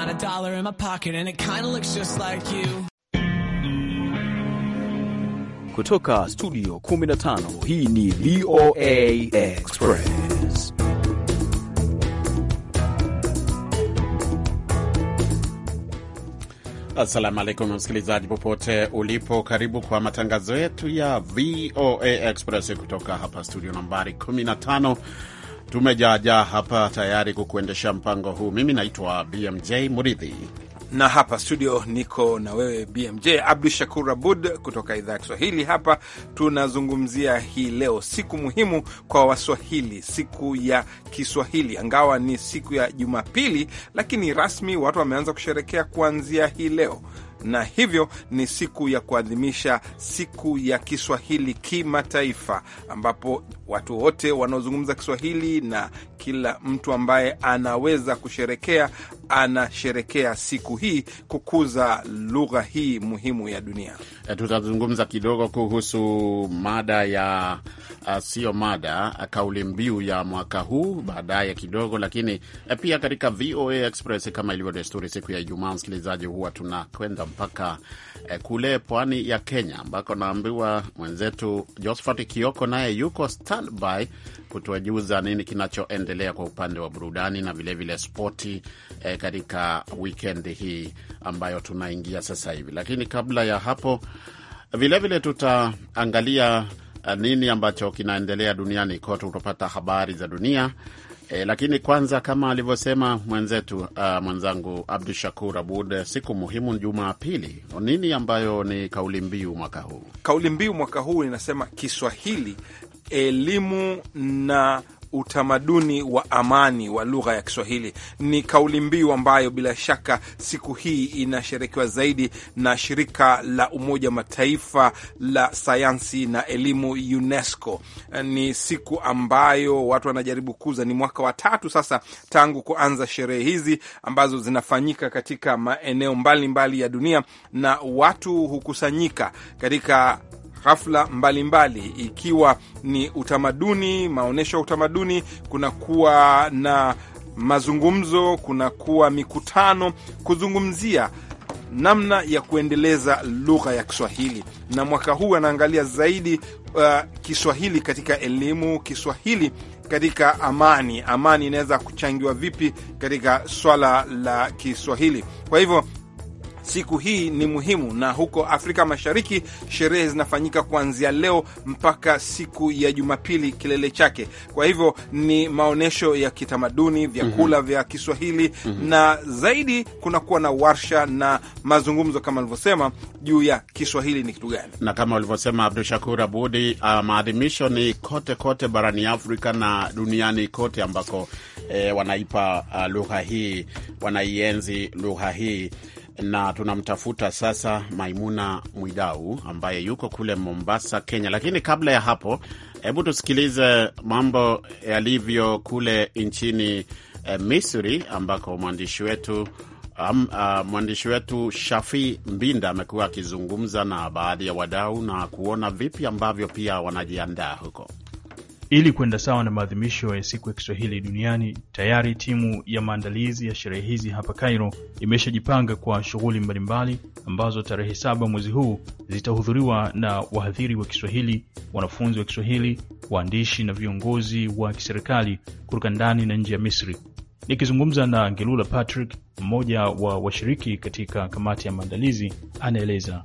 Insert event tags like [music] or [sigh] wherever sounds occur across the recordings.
not a dollar in my pocket and it of looks just like you. Kutoka studio 15 hii ni VOA Express. Assalamu alaikum msikilizaji, popote ulipo, karibu kwa matangazo yetu ya VOA Express kutoka hapa studio nambari 15 Tumejaajaa hapa tayari kukuendesha mpango huu. Mimi naitwa BMJ Muridhi na hapa studio niko na wewe BMJ Abdu Shakur Abud kutoka idhaa ya Kiswahili. Hapa tunazungumzia hii leo siku muhimu kwa Waswahili, siku ya Kiswahili, angawa ni siku ya Jumapili, lakini rasmi watu wameanza kusherekea kuanzia hii leo na hivyo ni siku ya kuadhimisha siku ya Kiswahili kimataifa, ambapo watu wote wanaozungumza Kiswahili na kila mtu ambaye anaweza kusherekea anasherekea siku hii kukuza lugha hii muhimu ya dunia. Eh, tutazungumza kidogo kuhusu mada ya uh, sio mada, eh, kauli mbiu ya mwaka huu baadaye kidogo, lakini pia katika VOA Express kama ilivyo desturi, siku ya Ijumaa, msikilizaji, huwa tunakwenda mpaka e, kule pwani ya Kenya ambako naambiwa mwenzetu Josphat Kioko naye yuko standby kutujuza nini kinachoendelea kwa upande wa burudani na vilevile spoti eh, katika wikendi hii ambayo tunaingia sasa hivi. Lakini kabla ya hapo vilevile tutaangalia eh, nini ambacho kinaendelea duniani kote, utapata habari za dunia. E, lakini kwanza kama alivyosema mwenzetu uh, mwenzangu Abdu Shakur Abud, siku muhimu Jumapili, nini ambayo ni kauli mbiu mwaka huu? Kauli mbiu mwaka huu inasema Kiswahili elimu na utamaduni wa amani wa lugha ya Kiswahili ni kauli mbiu ambayo bila shaka siku hii inasherekewa zaidi na shirika la Umoja wa Mataifa la sayansi na elimu UNESCO. Ni siku ambayo watu wanajaribu kuza, ni mwaka wa tatu sasa tangu kuanza sherehe hizi ambazo zinafanyika katika maeneo mbalimbali mbali ya dunia, na watu hukusanyika katika hafla mbalimbali mbali, ikiwa ni utamaduni, maonyesho ya utamaduni, kunakuwa na mazungumzo, kunakuwa mikutano kuzungumzia namna ya kuendeleza lugha ya Kiswahili na mwaka huu anaangalia zaidi uh, Kiswahili katika elimu, Kiswahili katika amani. Amani inaweza kuchangiwa vipi katika swala la Kiswahili? Kwa hivyo Siku hii ni muhimu, na huko Afrika Mashariki sherehe zinafanyika kuanzia leo mpaka siku ya Jumapili kilele chake. Kwa hivyo ni maonyesho ya kitamaduni, vyakula mm -hmm. vya Kiswahili mm -hmm. na zaidi kunakuwa na warsha na mazungumzo kama alivyosema juu ya Kiswahili ni kitu gani, na kama ulivyosema Abdu Shakur Abudi, uh, maadhimisho ni kote kote barani Afrika na duniani kote ambako eh, wanaipa uh, lugha hii wanaienzi lugha hii na tunamtafuta sasa Maimuna Mwidau ambaye yuko kule Mombasa, Kenya. Lakini kabla ya hapo, hebu tusikilize mambo yalivyo kule nchini eh, Misri ambako mwandishi wetu um, uh, mwandishi wetu Shafi Mbinda amekuwa akizungumza na baadhi ya wadau na kuona vipi ambavyo pia wanajiandaa huko. Ili kwenda sawa na maadhimisho ya siku ya Kiswahili duniani, tayari timu ya maandalizi ya sherehe hizi hapa Cairo imeshajipanga kwa shughuli mbalimbali ambazo tarehe saba mwezi huu zitahudhuriwa na wahadhiri wa Kiswahili, wanafunzi wa Kiswahili, waandishi na viongozi wa kiserikali kutoka ndani na nje ya Misri. Nikizungumza na Gelula Patrick, mmoja wa washiriki katika kamati ya maandalizi, anaeleza.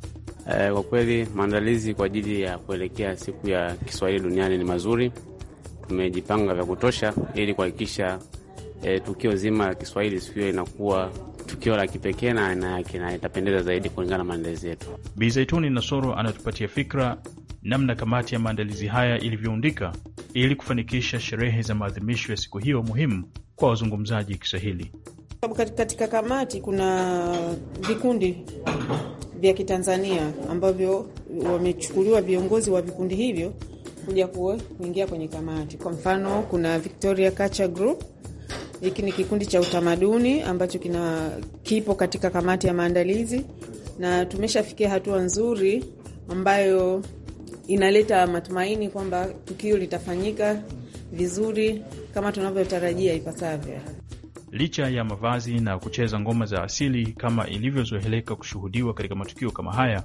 Eh, kwa kweli maandalizi kwa ajili ya kuelekea siku ya Kiswahili duniani ni mazuri tumejipanga vya kutosha ili kuhakikisha e, tukio zima la Kiswahili hiyo inakuwa tukio la kipekee na aina yake na itapendeza zaidi kulingana na maandalizi yetu. Bizaituni Nasoro anatupatia fikra namna kamati ya maandalizi haya ilivyoundika ili kufanikisha sherehe za maadhimisho ya siku hiyo muhimu kwa wazungumzaji Kiswahili. Katika kamati kuna vikundi vya Kitanzania ambavyo wamechukuliwa viongozi wa vikundi hivyo kuja kuingia kwenye kamati. Kwa mfano, kuna Victoria Culture Group. Hiki ni kikundi cha utamaduni ambacho kina kipo katika kamati ya maandalizi, na tumeshafikia hatua nzuri ambayo inaleta matumaini kwamba tukio litafanyika vizuri kama tunavyotarajia ipasavyo. Licha ya mavazi na kucheza ngoma za asili kama ilivyozoeleka kushuhudiwa katika matukio kama haya,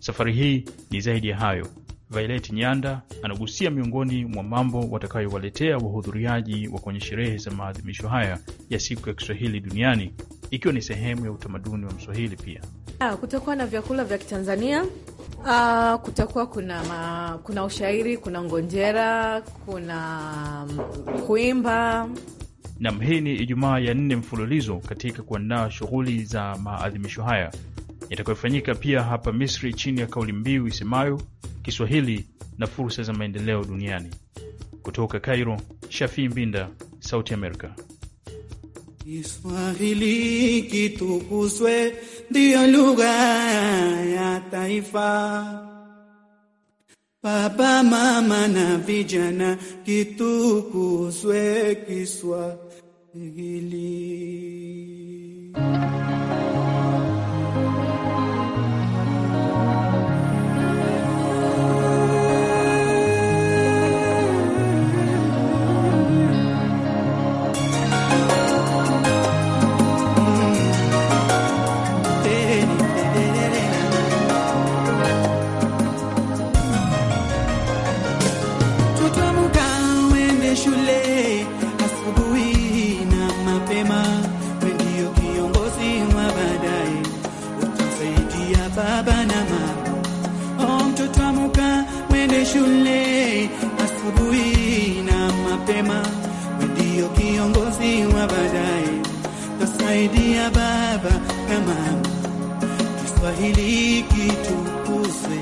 safari hii ni zaidi ya hayo. Violet Nyanda anagusia miongoni mwa mambo watakayowaletea wahudhuriaji wa kwenye sherehe za maadhimisho haya ya siku ya Kiswahili duniani ikiwa ni sehemu ya utamaduni wa Mswahili. Pia ah, kutakuwa na vyakula vya Kitanzania. Uh, kutakuwa kuna ma, kuna ushairi, kuna ngonjera, kuna mm, kuimba. Nam, hii ni Ijumaa ya nne mfululizo katika kuandaa shughuli za maadhimisho haya yatakayofanyika pia hapa Misri chini ya kauli mbiu isemayo Kiswahili na fursa za maendeleo duniani. Kutoka Cairo, Shafii Mbinda, Sauti Amerika. Kiswahili kitukuzwe, ndiyo lugha ya taifa. Baba, mama na vijana, kitukuzwe Kiswahili. mtoto amuka wende shule asubuhi na mapema, ndio kiongozi wa baadaye, tasaidia baba na mama. Kiswahili kitukuzwe,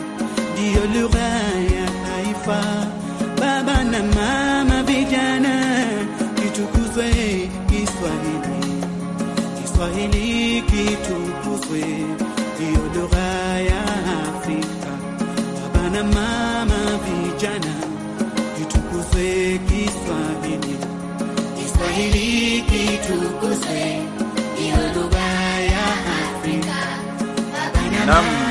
ndio lugha ya taifa. Baba na mama, vijana, kitukuzwe Kiswahili, Kiswahili kitukuzwe, ndio lugha ya Bwana mama, vijana, kitukuzwe Kiswahili, Kiswahili kitukuzwe, ndiyo lugha ya Afrika. Naam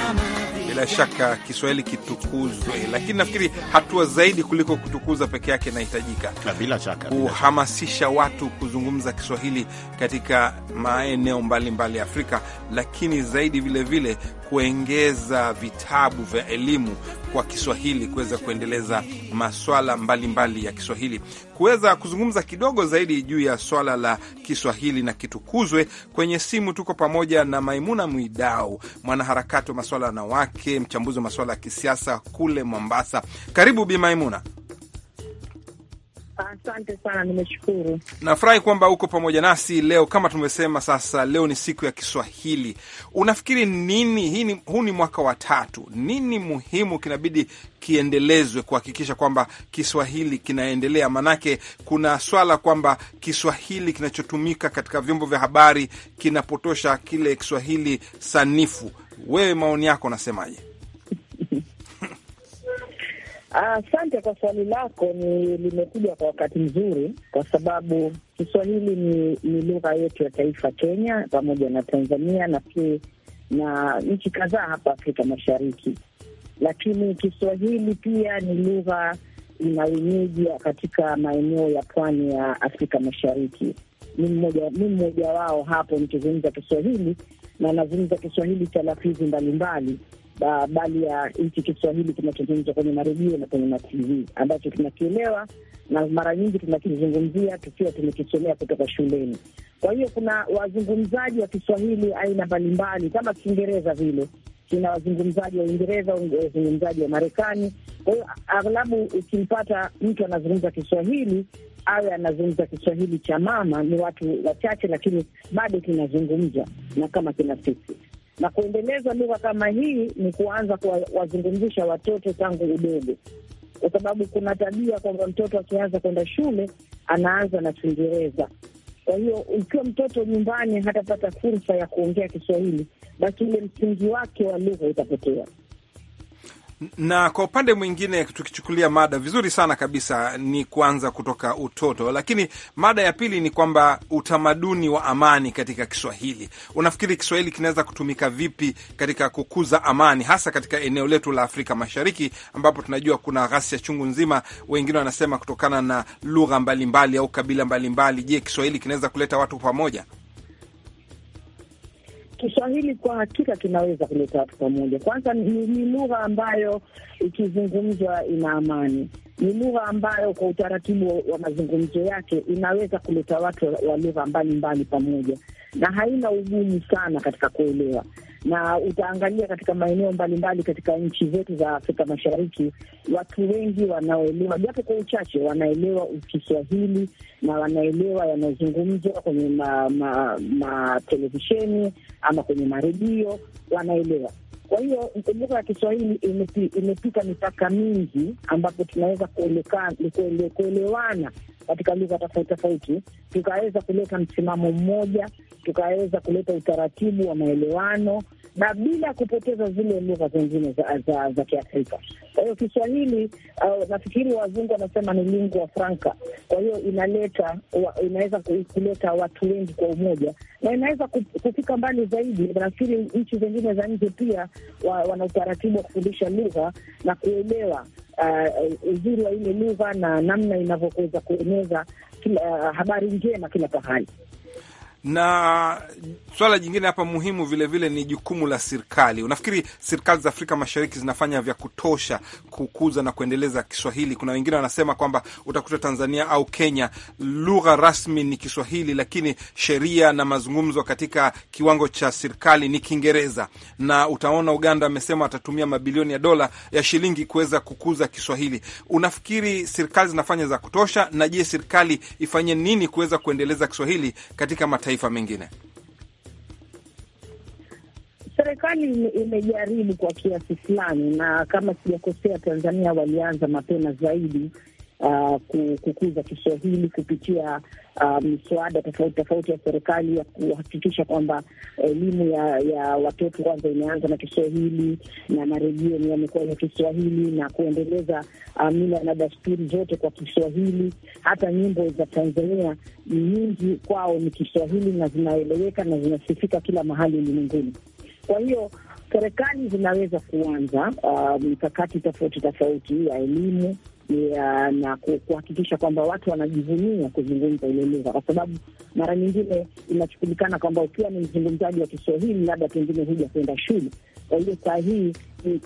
bila shaka Kiswahili kitukuzwe, lakini nafikiri hatua zaidi kuliko kutukuza peke yake inahitajika, bila shaka kuhamasisha watu kuzungumza Kiswahili katika maeneo mbalimbali ya Afrika, lakini zaidi vilevile kuongeza vitabu vya elimu kwa Kiswahili kuweza kuendeleza maswala mbalimbali mbali ya Kiswahili kuweza kuzungumza kidogo zaidi juu ya swala la Kiswahili na kitukuzwe, kwenye simu tuko pamoja na Maimuna Mwidau, mwanaharakati wa maswala ya wanawake, mchambuzi wa maswala ya kisiasa kule Mombasa. Karibu Bi Maimuna. Asante sana, nimeshukuru. Nafurahi kwamba uko pamoja nasi leo. Kama tumesema sasa, leo ni siku ya Kiswahili. Unafikiri nini hii, huu ni mwaka wa tatu, nini muhimu kinabidi kiendelezwe kuhakikisha kwamba Kiswahili kinaendelea? Maanake kuna swala kwamba Kiswahili kinachotumika katika vyombo vya habari kinapotosha kile Kiswahili sanifu. Wewe maoni yako unasemaje? Ah, asante kwa swali lako, ni limekuja kwa wakati mzuri, kwa sababu Kiswahili ni, ni lugha yetu ya taifa Kenya pamoja na Tanzania na pia na nchi kadhaa hapa Afrika Mashariki, lakini Kiswahili pia ni lugha ina wenyeji katika maeneo ya pwani ya Afrika Mashariki. Ni mmoja mmoja wao hapo nikizungumza Kiswahili na nazungumza Kiswahili cha lafudhi mbalimbali bali ya nchi Kiswahili kinachozungumzwa kwenye maredio na kwenye matv ambacho tunakielewa na mara nyingi tunakizungumzia tukiwa tumekisomea kutoka shuleni. Kwa hiyo kuna wazungumzaji wa Kiswahili aina mbalimbali, kama Kiingereza vile kina wazungumzaji wa Uingereza, wazungumzaji wa Marekani. Kwa hiyo aghlabu ukimpata mtu anazungumza Kiswahili awe anazungumza Kiswahili cha mama, ni watu wachache, lakini bado kinazungumzwa na kama kina sisi na kuendeleza lugha kama hii ni kuanza kuwazungumzisha watoto tangu udogo, kwa sababu kuna tabia kwamba mtoto akianza kwenda shule anaanza na Kiingereza. Kwa hiyo ukiwa mtoto nyumbani hatapata fursa ya kuongea Kiswahili, basi ule msingi wake wa lugha utapotea. Na kwa upande mwingine, tukichukulia mada vizuri sana kabisa, ni kuanza kutoka utoto, lakini mada ya pili ni kwamba utamaduni wa amani katika Kiswahili. Unafikiri Kiswahili kinaweza kutumika vipi katika kukuza amani, hasa katika eneo letu la Afrika Mashariki ambapo tunajua kuna ghasia chungu nzima, wengine wanasema kutokana na lugha mbalimbali au kabila mbalimbali Je, Kiswahili kinaweza kuleta watu pamoja? Kiswahili kwa hakika kinaweza kuleta watu pamoja. Kwanza ni, ni lugha ambayo ikizungumzwa ina amani, ni lugha ambayo kwa utaratibu wa mazungumzo yake inaweza kuleta watu wa lugha mbalimbali pamoja, na haina ugumu sana katika kuelewa na utaangalia katika maeneo mbalimbali katika nchi zetu za Afrika Mashariki, watu wengi wanaoelewa, japo kwa uchache, wanaelewa Kiswahili na wanaelewa yanayozungumzwa kwenye matelevisheni ma, ma ama kwenye maredio wanaelewa. Kwa hiyo lugha ya Kiswahili imepita mipaka mingi, ambapo tunaweza kuelewana katika lugha tofauti tofauti, tukaweza kuleta msimamo mmoja, tukaweza kuleta utaratibu wa maelewano na bila kupoteza zile lugha zingine za, za, za Kiafrika. Kwa hiyo Kiswahili uh, nafikiri wazungu wanasema ni lingua franca. Kwa hiyo inaleta wa, inaweza kuleta watu wengi kwa umoja na inaweza kufika mbali zaidi. Nafikiri nchi zingine za nje pia wana utaratibu wa kufundisha lugha na kuelewa uh, uzuri wa ile lugha na namna inavyoweza kueneza kila, uh, habari njema kila pahali. Na swala jingine hapa muhimu vilevile vile ni jukumu la serikali. Unafikiri serikali za Afrika Mashariki zinafanya vya kutosha kukuza na kuendeleza Kiswahili? Kuna wengine wanasema kwamba utakuta Tanzania au Kenya lugha rasmi ni Kiswahili, lakini sheria na mazungumzo katika kiwango cha serikali ni Kiingereza, na utaona Uganda amesema atatumia mabilioni ya dola ya shilingi kuweza kukuza Kiswahili. Unafikiri serikali zinafanya za kutosha? Na je, serikali ifanye nini kuweza kuendeleza Kiswahili katika mataifa mataifa mengine? Serikali imejaribu kwa kiasi fulani, na kama sijakosea, Tanzania walianza mapema zaidi uh, kukuza Kiswahili kupitia uh, miswada tofauti tofauti ya serikali ya kuhakikisha kwamba elimu ya, ya watoto kwanza imeanza na Kiswahili na ni yamekuwa ya Kiswahili na kuendeleza uh, mila na dasturi zote kwa Kiswahili. Hata nyimbo za Tanzania nyingi kwao ni Kiswahili na zinaeleweka na zinasifika kila mahali ulimwenguni. Kwa hiyo serikali zinaweza kuanza uh, mikakati um, tofauti tofauti ya elimu ya, na kuhakikisha kwamba watu wanajivunia kuzungumza ile lugha, kwa sababu mara nyingine inachukulikana kwamba ukiwa ni mzungumzaji wa Kiswahili labda pengine huja kuenda shule. Kwa hiyo saa hii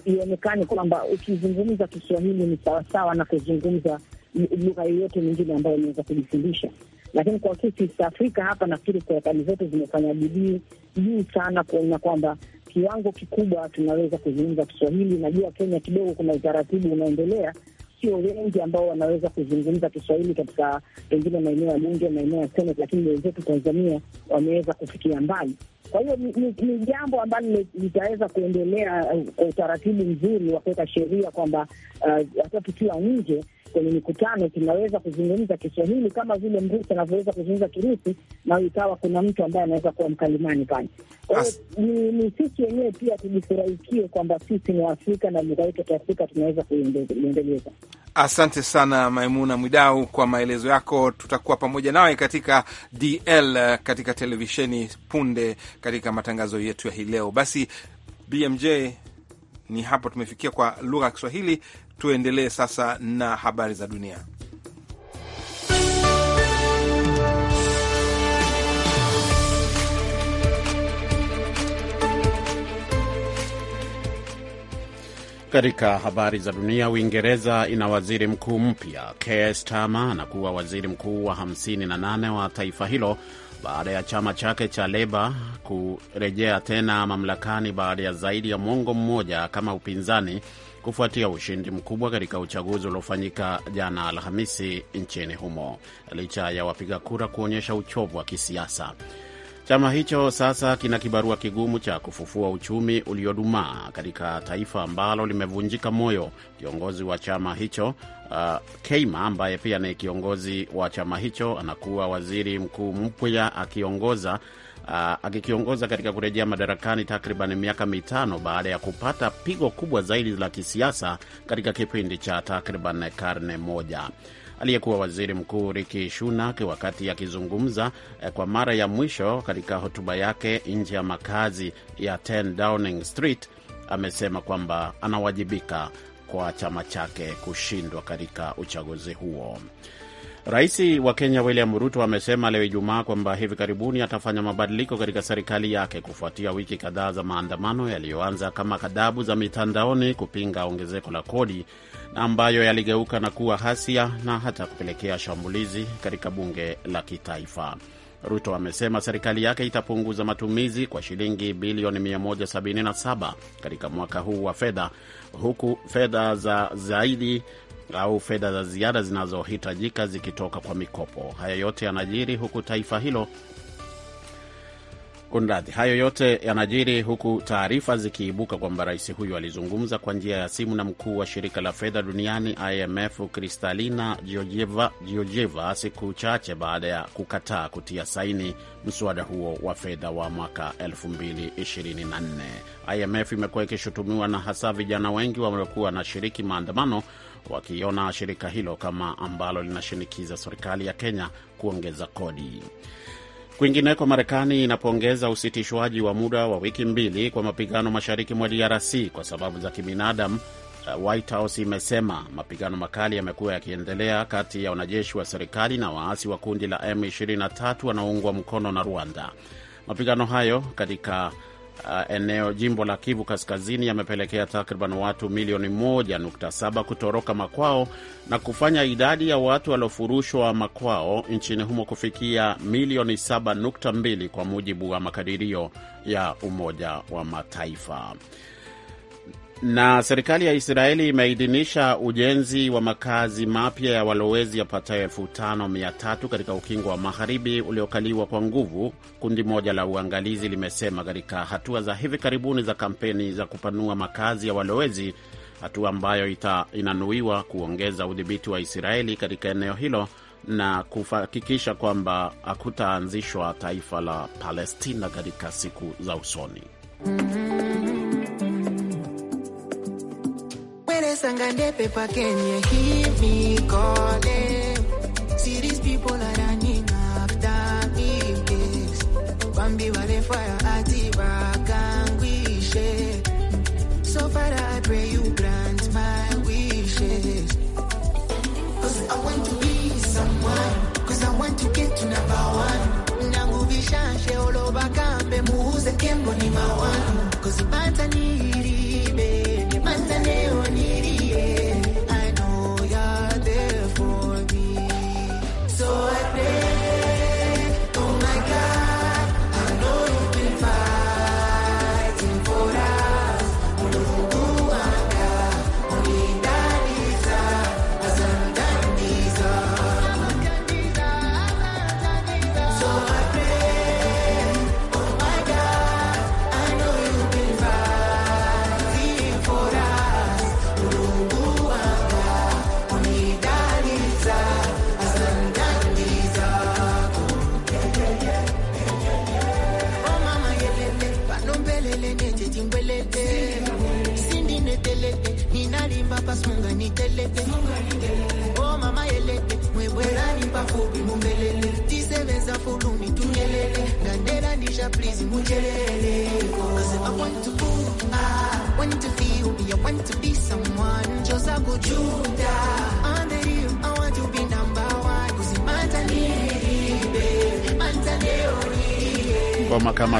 ionekane kwamba ukizungumza Kiswahili ni sawasawa na kuzungumza lugha yoyote mingine ambayo inaweza kujifundisha. Lakini kwa sisi East Afrika hapa, nafikiri serikali zote zimefanya bidii juu sana kuona kwamba kiwango kikubwa tunaweza kuzungumza Kiswahili. Najua Kenya kidogo kuna utaratibu unaendelea, sio wengi ambao wanaweza kuzungumza Kiswahili katika pengine maeneo ya bunge, maeneo ya Senate, lakini wenzetu Tanzania wameweza kufikia mbali. Kwa hiyo ni jambo ambalo litaweza kuendelea uh, kwa utaratibu mzuri wa kuweka sheria kwamba uh, hata tukiwa nje kwenye mikutano kinaweza kuzungumza Kiswahili kama vile Mrusi anavyoweza kuzungumza Kirusi, na ikawa kuna mtu ambaye anaweza kuwa mkalimani pale. Kwa hiyo ni, sisi wenyewe pia tujifurahikie kwamba sisi ni Waafrika na lugha yetu ya Kiafrika tunaweza kuiendeleza. Asante sana Maimuna Mwidau kwa maelezo yako. Tutakuwa pamoja nawe katika DL katika televisheni punde katika matangazo yetu ya hii leo. Basi BMJ, ni hapo tumefikia kwa lugha ya Kiswahili. Tuendelee sasa na habari za dunia. Katika habari za dunia, Uingereza ina waziri mkuu mpya. Keir Starmer anakuwa waziri mkuu wa 58 wa taifa hilo baada ya chama chake cha Leba kurejea tena mamlakani baada ya zaidi ya mwongo mmoja kama upinzani kufuatia ushindi mkubwa katika uchaguzi uliofanyika jana Alhamisi nchini humo licha ya wapiga kura kuonyesha uchovu wa kisiasa. Chama hicho sasa kina kibarua kigumu cha kufufua uchumi uliodumaa katika taifa ambalo limevunjika moyo. Kiongozi wa chama hicho uh, Keima ambaye pia ni kiongozi wa chama hicho anakuwa waziri mkuu mpya akiongoza uh, akikiongoza katika kurejea madarakani takriban miaka mitano baada ya kupata pigo kubwa zaidi la kisiasa katika kipindi cha takriban karne moja aliyekuwa waziri mkuu Rishi Sunak wakati akizungumza eh, kwa mara ya mwisho katika hotuba yake nje ya makazi ya 10 Downing Street amesema kwamba anawajibika kwa chama chake kushindwa katika uchaguzi huo. Rais wa Kenya William Ruto amesema leo Ijumaa kwamba hivi karibuni atafanya mabadiliko katika serikali yake kufuatia wiki kadhaa za maandamano yaliyoanza kama kadhabu za mitandaoni kupinga ongezeko la kodi na ambayo yaligeuka na kuwa hasia na hata kupelekea shambulizi katika bunge la kitaifa. Ruto amesema serikali yake itapunguza matumizi kwa shilingi bilioni 177 katika mwaka huu wa fedha, huku fedha za zaidi au fedha za ziada zinazohitajika zikitoka kwa mikopo. Haya yote yanajiri huku taifa hilo Kunradhi, hayo yote yanajiri huku taarifa zikiibuka kwamba rais huyo alizungumza kwa njia ya simu na mkuu wa shirika la fedha duniani IMF Kristalina Georgieva siku chache baada ya kukataa kutia saini mswada huo wa fedha wa mwaka 2024. IMF imekuwa ikishutumiwa na hasa vijana wengi waliokuwa wanashiriki maandamano wakiona shirika hilo kama ambalo linashinikiza serikali ya Kenya kuongeza kodi. Kwingineko, Marekani inapongeza usitishwaji wa muda wa wiki mbili kwa mapigano mashariki mwa DRC kwa sababu za kibinadamu. Uh, White House imesema mapigano makali yamekuwa yakiendelea kati ya wanajeshi wa serikali na waasi wa kundi la M23 wanaoungwa mkono na Rwanda. Mapigano hayo katika uh, eneo jimbo la Kivu Kaskazini yamepelekea takriban watu milioni 1.7 kutoroka makwao na kufanya idadi ya watu waliofurushwa makwao nchini humo kufikia milioni 7.2 kwa mujibu wa makadirio ya Umoja wa Mataifa. Na serikali ya Israeli imeidhinisha ujenzi wa makazi mapya ya walowezi yapatayo elfu tano mia tatu katika ukingo wa magharibi uliokaliwa kwa nguvu, kundi moja la uangalizi limesema katika hatua za hivi karibuni za kampeni za kupanua makazi ya walowezi, hatua ambayo ita inanuiwa kuongeza udhibiti wa Israeli katika eneo hilo na kuhakikisha kwamba hakutaanzishwa taifa la Palestina katika siku za usoni. mm -hmm. paper can you hear me calling? See these people are running after me. Yes. Bambi wale fire ati bakangwishe. So Father, I pray you grant my wishes. Cause I want to be someone. Cause I want to get to number one. Nangu vishanshe olobakambe muuze kembo ni mawanu. Cause bata ni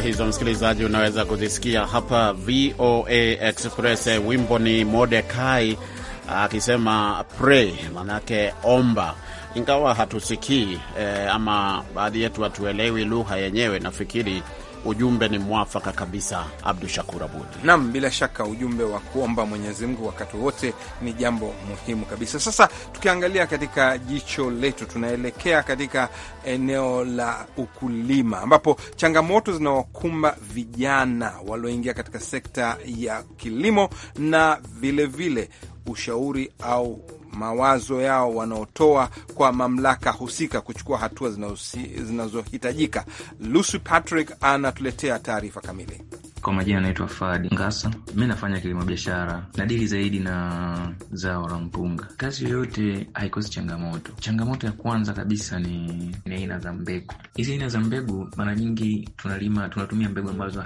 hizo msikilizaji, unaweza kuzisikia hapa VOA Express. Wimbo ni Modekai uh, akisema pray, manake omba, ingawa hatusikii eh, ama baadhi yetu hatuelewi lugha yenyewe, nafikiri ujumbe ni mwafaka kabisa, Abdu Shakur Abud. Naam, bila shaka ujumbe wa kuomba Mwenyezi Mungu wakati wote ni jambo muhimu kabisa. Sasa tukiangalia katika jicho letu, tunaelekea katika eneo la ukulima, ambapo changamoto zinawakumba vijana walioingia katika sekta ya kilimo na vilevile vile ushauri au mawazo yao wanaotoa kwa mamlaka husika kuchukua hatua zinazohitajika. Lucy Patrick anatuletea taarifa kamili. Kwa majina anaitwa Fadi Ngasa, mi nafanya kilimo biashara na dili zaidi na zao la mpunga. Kazi yoyote haikosi changamoto. Changamoto ya kwanza kabisa ni, ni aina za mbegu. Hizi aina za mbegu mara nyingi tunalima, tunatumia mbegu ambazo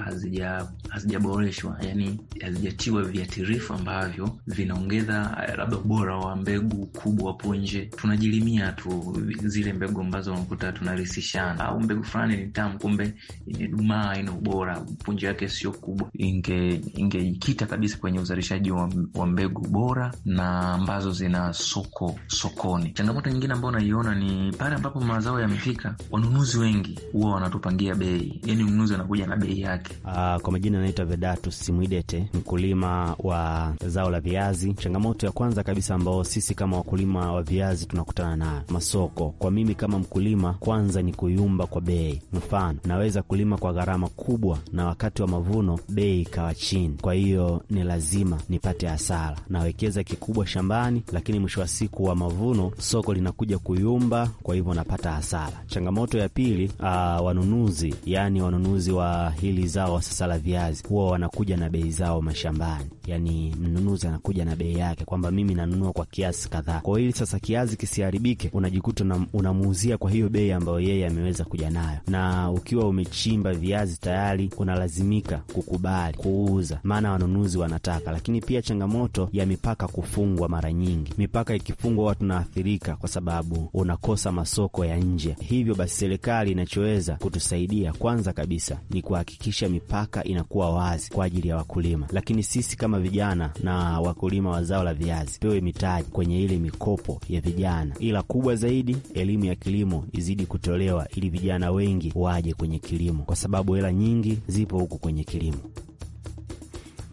hazijaboreshwa, hazija yani hazijatiwa viatirifu ambavyo vinaongeza eh, labda ubora wa mbegu kubwa hapo nje. Tunajilimia tu zile mbegu ambazo unakuta tunarisishana, au mbegu fulani ni tamu, kumbe imedumaa, ina ubora, punje yake sio sio kubwa, ingejikita inge kabisa kwenye uzalishaji wa, wa mbegu bora na ambazo zina soko sokoni. Changamoto nyingine ambayo naiona ni pale ambapo mazao yamefika, wanunuzi wengi huwa wanatupangia bei, yani mnunuzi anakuja na bei yake. Uh, kwa majina anaitwa Vedatus Simwidete, mkulima wa zao la viazi. Changamoto ya kwanza kabisa ambao sisi kama wakulima wa viazi tunakutana nayo masoko, kwa mimi kama mkulima, kwanza ni kuyumba kwa bei. Mfano, naweza kulima kwa gharama kubwa na wakati wa mavuno mavuno bei ikawa chini. Kwa hiyo ni lazima nipate hasara, nawekeza kikubwa shambani, lakini mwisho wa siku wa mavuno soko linakuja kuyumba, kwa hivyo napata hasara. Changamoto ya pili, aa, ah, wanunuzi, yani wanunuzi wa hili zao sasa la viazi huwa wanakuja na bei zao mashambani yani mnunuzi anakuja na bei yake kwamba mimi nanunua kwa kiasi kadhaa, kwa hiyo ili sasa kiasi kisiharibike, unajikuta unamuuzia kwa hiyo bei ambayo yeye ameweza kuja nayo, na ukiwa umechimba viazi tayari unalazimika kukubali kuuza, maana wanunuzi wanataka. Lakini pia changamoto ya mipaka kufungwa, mara nyingi mipaka ikifungwa watu naathirika, kwa sababu unakosa masoko ya nje. Hivyo basi, serikali inachoweza kutusaidia kwanza kabisa ni kuhakikisha mipaka inakuwa wazi kwa ajili ya wakulima, lakini sisi kama kama vijana na wakulima wa zao la viazi pewe mitaji kwenye ile mikopo ya vijana, ila kubwa zaidi elimu ya kilimo izidi kutolewa ili vijana wengi waje kwenye kilimo, kwa sababu hela nyingi zipo huku kwenye kilimo.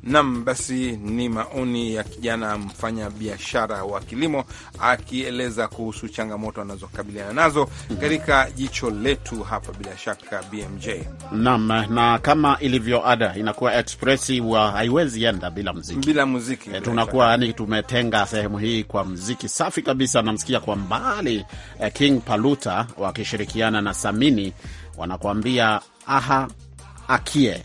Nam, basi ni maoni ya kijana mfanya biashara wa kilimo akieleza kuhusu changamoto anazokabiliana nazo katika jicho letu hapa, bila shaka BMJ. Nam, na kama ilivyo ada inakuwa expressi wa haiwezi enda bila mziki, bila muziki e, tunakuwa yani tumetenga sehemu hii kwa mziki safi kabisa. Namsikia kwa mbali eh, King Paluta wakishirikiana na Samini wanakuambia aha akie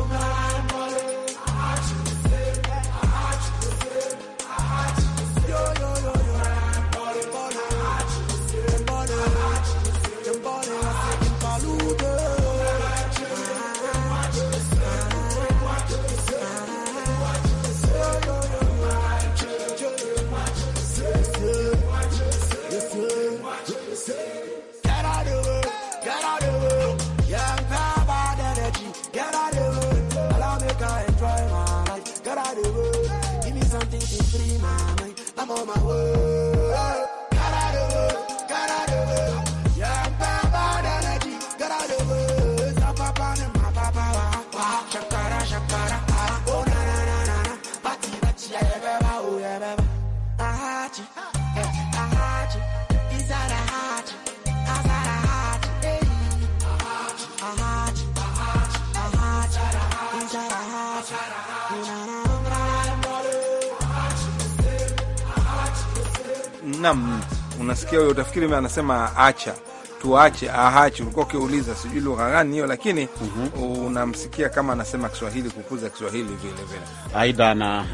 unasikia huyo utafikiri anasema acha tuache ahachi. Ulikuwa ukiuliza sijui lugha gani hiyo, lakini mm -hmm. unamsikia kama anasema Kiswahili, kukuza Kiswahili vile vile. Aidha ana,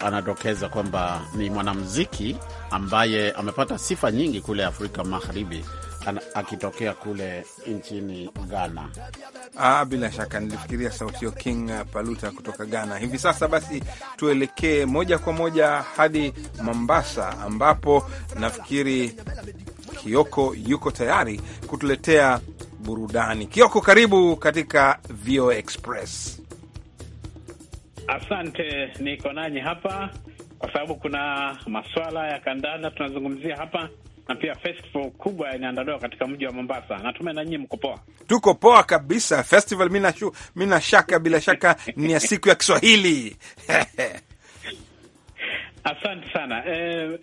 anadokeza kwamba ni mwanamuziki ambaye amepata sifa nyingi kule Afrika Magharibi akitokea kule nchini Ghana. Ah, bila shaka nilifikiria sauti ya King Paluta kutoka Ghana. Hivi sasa basi tuelekee moja kwa moja hadi Mombasa, ambapo nafikiri Kioko yuko tayari kutuletea burudani. Kioko, karibu katika VOA Express. Asante, niko nanyi hapa kwa sababu kuna maswala ya kandanda tunazungumzia hapa na pia festival kubwa inaandaliwa katika mji wa Mombasa. Natume na nyinyi mko poa? Tuko poa kabisa. Festival mimi na shaka bila shaka [laughs] ni ya siku ya Kiswahili [laughs] asante sana. E,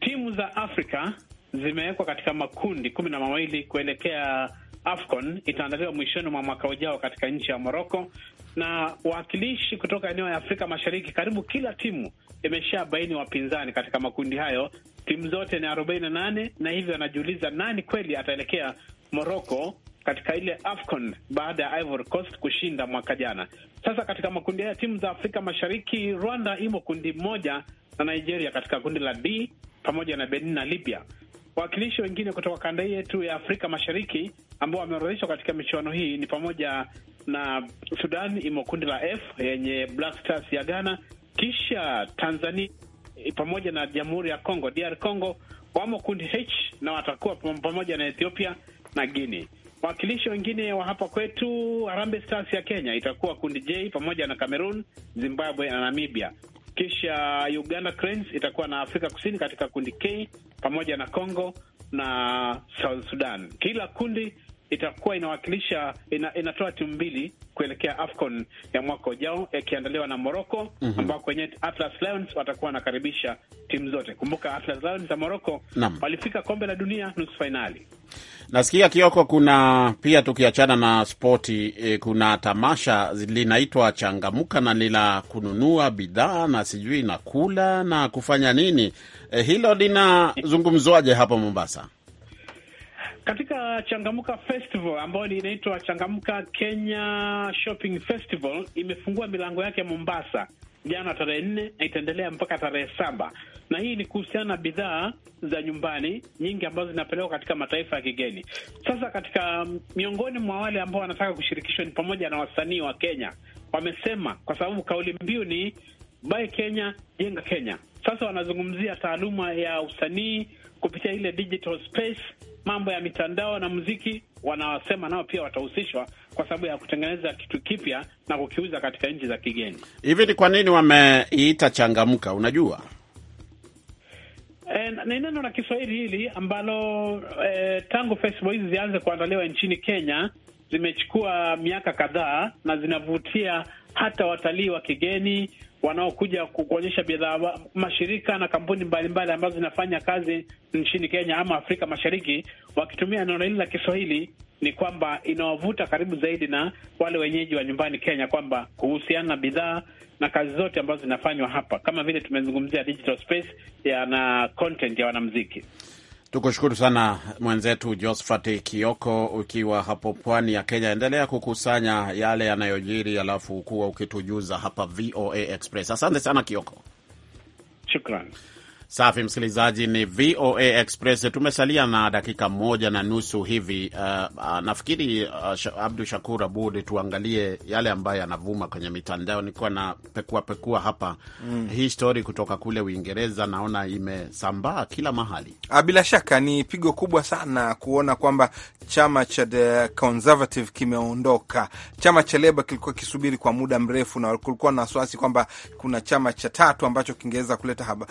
timu za Afrika zimewekwa katika makundi kumi na mawili kuelekea AFCON itaandaliwa mwishoni mwa mwaka ujao katika nchi ya Morocco, na wawakilishi kutoka eneo ya Afrika Mashariki, karibu kila timu imeshabaini wapinzani katika makundi hayo Timu zote ni arobaini na nane na hivyo anajiuliza nani kweli ataelekea Moroko katika ile AFCON baada ya Ivory Coast kushinda mwaka jana. Sasa katika makundi haya timu za Afrika Mashariki, Rwanda imo kundi moja na Nigeria katika kundi la D pamoja na Benin na Libya. Wawakilishi wengine kutoka kanda hii yetu ya Afrika Mashariki ambao wameorodheshwa katika michuano hii ni pamoja na Sudan imo kundi la F yenye Black Stars ya Ghana, kisha Tanzania Eh, pamoja na Jamhuri ya Kongo, DR Congo wamo kundi H na watakuwa pamoja na Ethiopia na Guinea. Wawakilishi wengine wa hapa kwetu, Harambee Stars ya Kenya itakuwa kundi J pamoja na Cameroon, Zimbabwe na Namibia. Kisha Uganda Cranes itakuwa na Afrika Kusini katika kundi K pamoja na Congo na South Sudan. Kila kundi itakuwa inawakilisha ina, inatoa timu mbili kuelekea AFCON ya mwaka ujao ikiandaliwa na Morocco mm -hmm. ambao kwenye Atlas Lions watakuwa wanakaribisha timu zote. Kumbuka Atlas Lions za Morocco walifika kombe la dunia nusu fainali. Nasikia Kioko, kuna pia tukiachana na spoti e, kuna tamasha linaitwa Changamuka na lila kununua bidhaa na sijui na kula na kufanya nini e, hilo linazungumzwaje hapo Mombasa? katika Changamuka Festival ambayo inaitwa Changamuka Kenya Shopping Festival imefungua milango yake ya Mombasa jana tarehe nne na itaendelea mpaka tarehe saba na hii ni kuhusiana na bidhaa za nyumbani nyingi ambazo zinapelekwa katika mataifa ya kigeni. Sasa katika mm, miongoni mwa wale ambao wanataka kushirikishwa ni pamoja na wasanii wa Kenya. Wamesema kwa sababu kauli mbiu ni buy Kenya jenga Kenya, sasa wanazungumzia taaluma ya usanii kupitia ile digital space, mambo ya mitandao na muziki. Wanasema nao pia watahusishwa kwa sababu ya kutengeneza kitu kipya na kukiuza katika nchi za kigeni. Hivi ni kwa nini wameiita Changamka? Unajua e, ni neno la Kiswahili hili ambalo e, tangu festival hizi zianze kuandaliwa nchini Kenya zimechukua miaka kadhaa na zinavutia hata watalii wa kigeni wanaokuja kuonyesha bidhaa, mashirika na kampuni mbalimbali mbali ambazo zinafanya kazi nchini Kenya ama Afrika Mashariki, wakitumia neno hili la Kiswahili ni kwamba inawavuta karibu zaidi na wale wenyeji wa nyumbani Kenya, kwamba kuhusiana na bidhaa na kazi zote ambazo zinafanywa hapa, kama vile tumezungumzia digital space ya na content ya wanamziki Tukushukuru sana mwenzetu Josphat Kioko, ukiwa hapo pwani ya Kenya. Endelea kukusanya yale yanayojiri, alafu kuwa ukitujuza hapa VOA Express. Asante sana Kioko, shukran. Safi msikilizaji, ni VOA Express. Tumesalia na dakika moja na nusu hivi. Uh, uh, nafikiri uh, Abdu Shakur Abud, tuangalie yale ambayo yanavuma kwenye mitandao. Nikuwa na pekua pekua hapa mm. Hii stori kutoka kule Uingereza naona imesambaa kila mahali. Ah, bila shaka ni pigo kubwa sana kuona kwamba chama cha the Conservative kimeondoka. Chama cha Leba kilikuwa kisubiri kwa muda mrefu, na kulikuwa na wasiwasi kwamba kuna chama cha tatu ambacho kingeweza kuleta haba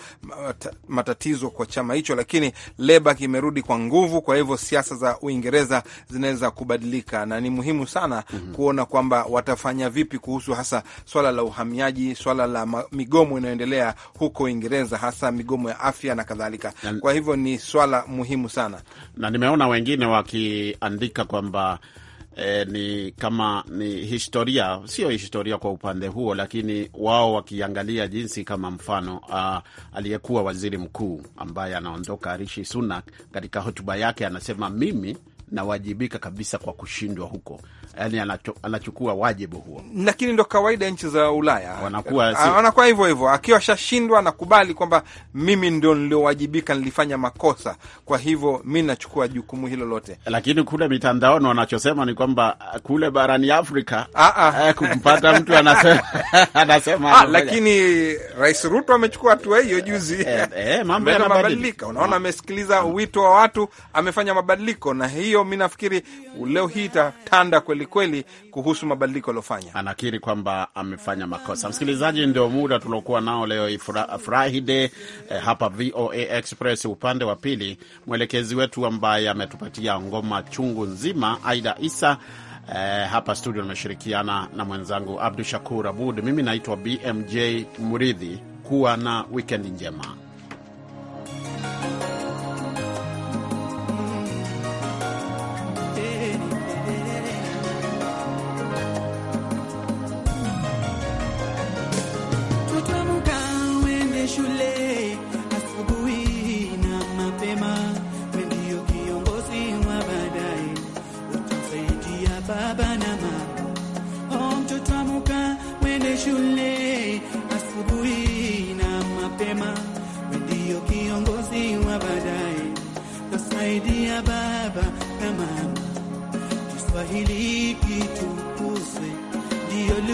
matatizo kwa chama hicho, lakini Leba kimerudi kwa nguvu. Kwa hivyo siasa za Uingereza zinaweza kubadilika, na ni muhimu sana mm -hmm. kuona kwamba watafanya vipi kuhusu hasa swala la uhamiaji, swala la migomo inayoendelea huko Uingereza, hasa migomo ya afya na kadhalika. Kwa hivyo ni swala muhimu sana, na nimeona wengine wakiandika kwamba eh, ni kama ni historia, sio historia kwa upande huo, lakini wao wakiangalia jinsi kama mfano uh, aliyekuwa waziri mkuu ambaye anaondoka Rishi Sunak katika hotuba yake anasema mimi nawajibika kabisa kwa kushindwa huko, yani anachukua wajibu huo, lakini ndo kawaida nchi za Ulaya wanakuwa ah, hivyo hivyo. Akiwa ashashindwa anakubali kwamba mimi ndo niliowajibika, nilifanya makosa, kwa hivyo mi nachukua jukumu hilo lote. Lakini kule mitandaoni wanachosema ni kwamba kule barani Afrika ah, ah. Eh, kumpata [laughs] mtu anasema, anasema ha, lakini Rais Ruto amechukua hatua hiyo juzi eh, eh, mambo yanabadilika. Unaona, amesikiliza wito wa watu, amefanya mabadiliko na hiyo hiyo mi nafikiri leo hii itatanda kwelikweli kuhusu mabadiliko aliofanya. Anakiri kwamba amefanya makosa. Msikilizaji, ndio muda tuliokuwa nao leo Friday eh, hapa VOA Express upande wa pili, mwelekezi wetu ambaye ametupatia ngoma chungu nzima Aida Isa. Eh, hapa studio nimeshirikiana na mwenzangu Abdu Shakur Abud. Mimi naitwa BMJ Muridhi. Kuwa na wikendi njema. healing.